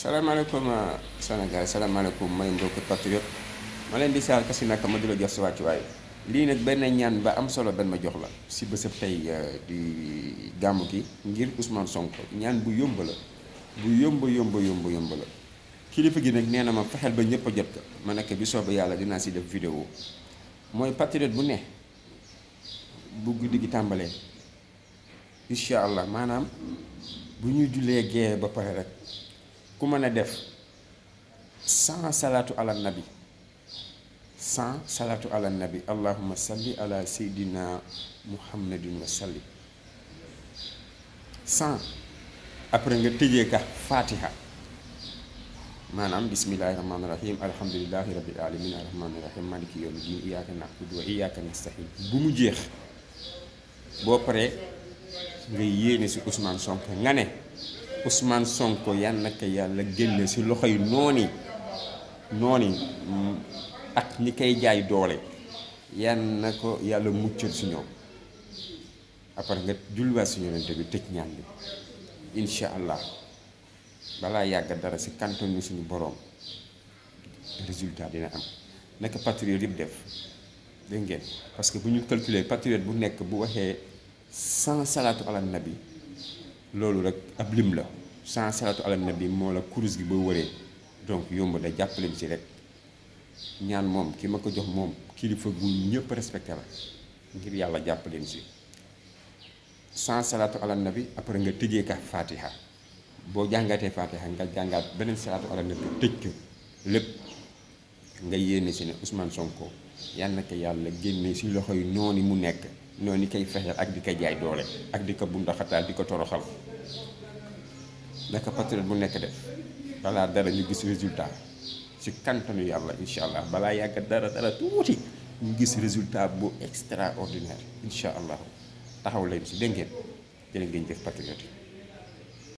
salaamaaleykum euh, Sénégal salaamaaleykum may mbokki patriote ma leen di saal kasi naka ma di la jox si wàccuwaay lii nag benn ñaan ba am solo benn ma jox la si bésëb tey euh, di gàmmu gi ngir usmaan Sonko ñaan bu yomb la bu yomb yomb yomb yomb la kilifa gi nag nee na ma fexeel ba ñëpp a jot ko ma nekk bi soobee yàlla dinaa si def vidéo mooy patriote bu ne bu guddi gi tàmbalee incha allah maanaam bu ñuy jullee gee ba pare rek. ku mën a def cent salaatu ala nabi cent salaatu ala nabi allahuma salli ala seydina muhammadin wa salli cent après nga tëjee ka fatiha maanaam bismillahi rahmaani rahim alhamdulilahi rabil alamin arrahmaani rahim maliki yawmi din iyaaka na'budu wa iyaaka nastahin bu mu jeex boo paree nga yéene si Ousmane Sonko nga ne Ousmane Sonko yal na ko yàlla génne si loxo yi noonu noonu mm, ak ñi koy jaay doole yal na ko yàlla muccal si ñoom après nga julliwaat si yonente tëj ñaan bi incha allah balaa yàgg dara si kantanu suñu boroom résultat dina am naka patriote yëpp def dégg ngeen parce que bu ñu calculer patriote bu nekk bu waxee sans salatu ala bi loolu rek ab lim la sans salatu ala nabi moo la kurus gi boo wëree donc yomb da jàppale si rek ñaan moom ki ma ko jox moom kilifa gu ñëpp respecté la ngir yàlla jàppale ci sans salatu ala bi après nga tëjee ka fatiha boo jàngatee fatiha nga jàngaat beneen salatu ala nabi tëj ko lépp nga yéene si ne Ousmane Sonko yàlla na ko yàlla génne si loxo yu noonu mu nekk. ñoo ñooñu koy fexeel ak di ko jaay doole ak di ko bundaxataal di ko toroxal naka patriote bu nekk def balaa dara ñu gis résultat ci kantanu yàlla incha allah balaa yàgg dara dara tuuti ñu gis résultat bu extraordinaire incha allah taxaw leen ci dégg ngeen jërë ngeen jëf patriote